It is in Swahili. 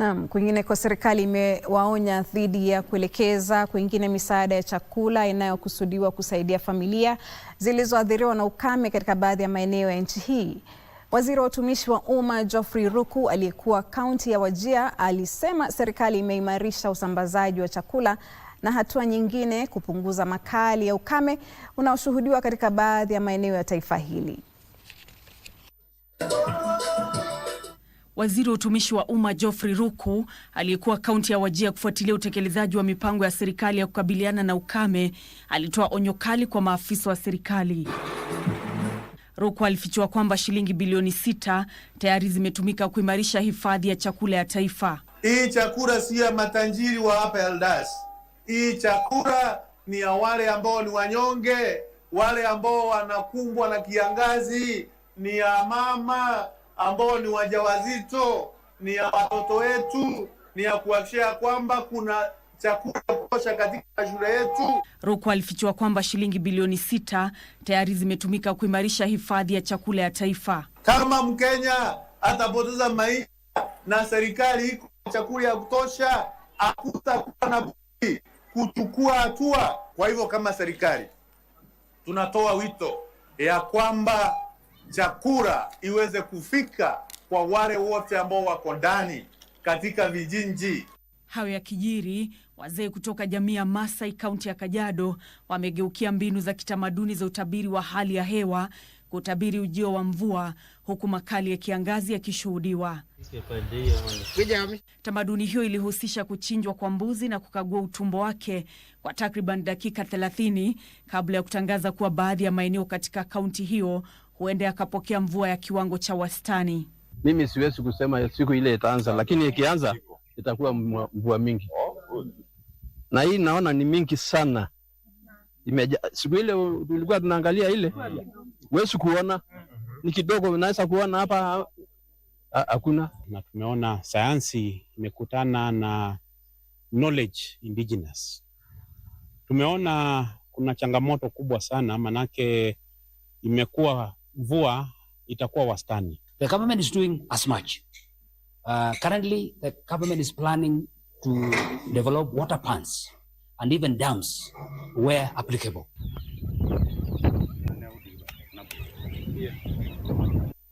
Naam, kwingineko serikali imewaonya dhidi ya kuelekeza kwingine misaada ya chakula inayokusudiwa kusaidia familia zilizoathiriwa na ukame katika baadhi ya maeneo ya nchi hii. Waziri wa Utumishi wa Umma Geoffrey Ruku aliyekuwa kaunti ya Wajir alisema serikali imeimarisha usambazaji wa chakula na hatua nyingine kupunguza makali ya ukame unaoshuhudiwa katika baadhi ya maeneo ya taifa hili. Waziri wa utumishi wa umma Geoffrey Ruku aliyekuwa kaunti ya Wajia kufuatilia utekelezaji wa mipango ya serikali ya kukabiliana na ukame alitoa onyo kali kwa maafisa wa serikali. Ruku alifichua kwamba shilingi bilioni sita tayari zimetumika kuimarisha hifadhi ya chakula ya taifa. Hii chakula si ya matanjiri wa hapa Eldas. Hii chakula ni ya wale ambao ni wanyonge, wale ambao wanakumbwa na kiangazi, ni ya mama ambao ni wajawazito, ni ya watoto wetu, ni ya kuhakikisha kwamba kuna chakula kutosha katika shule yetu. Ruku alifichua kwamba shilingi bilioni sita tayari zimetumika kuimarisha hifadhi ya chakula ya taifa. Kama Mkenya atapoteza maisha na serikali iko na chakula ya kutosha, hakutakuwa na budi kuchukua hatua. Kwa hivyo, kama serikali tunatoa wito ya kwamba chakura iweze kufika kwa wale wote ambao wako ndani katika vijiji. Hayo ya kijiri, wazee kutoka jamii ya Maasai kaunti ya Kajiado wamegeukia mbinu za kitamaduni za utabiri wa hali ya hewa kutabiri ujio wa mvua huku makali ya kiangazi yakishuhudiwa. Tamaduni hiyo ilihusisha kuchinjwa kwa mbuzi na kukagua utumbo wake kwa takriban dakika 30 kabla ya kutangaza kuwa baadhi ya maeneo katika kaunti hiyo huenda yakapokea mvua ya kiwango cha wastani. Mimi siwezi kusema siku ile itaanza, lakini ikianza itakuwa mvua mingi, na hii naona ni mingi sana. Imeja, siku ile tulikuwa tunaangalia ile, huwezi kuona, ni kidogo naweza kuona hapa, hakuna. Na tumeona sayansi imekutana na knowledge indigenous. Tumeona kuna changamoto kubwa sana, manake imekuwa mvua itakuwa wastani. The government is doing as much. Uh, currently the government is planning to develop water pans and even dams where applicable. Yeah.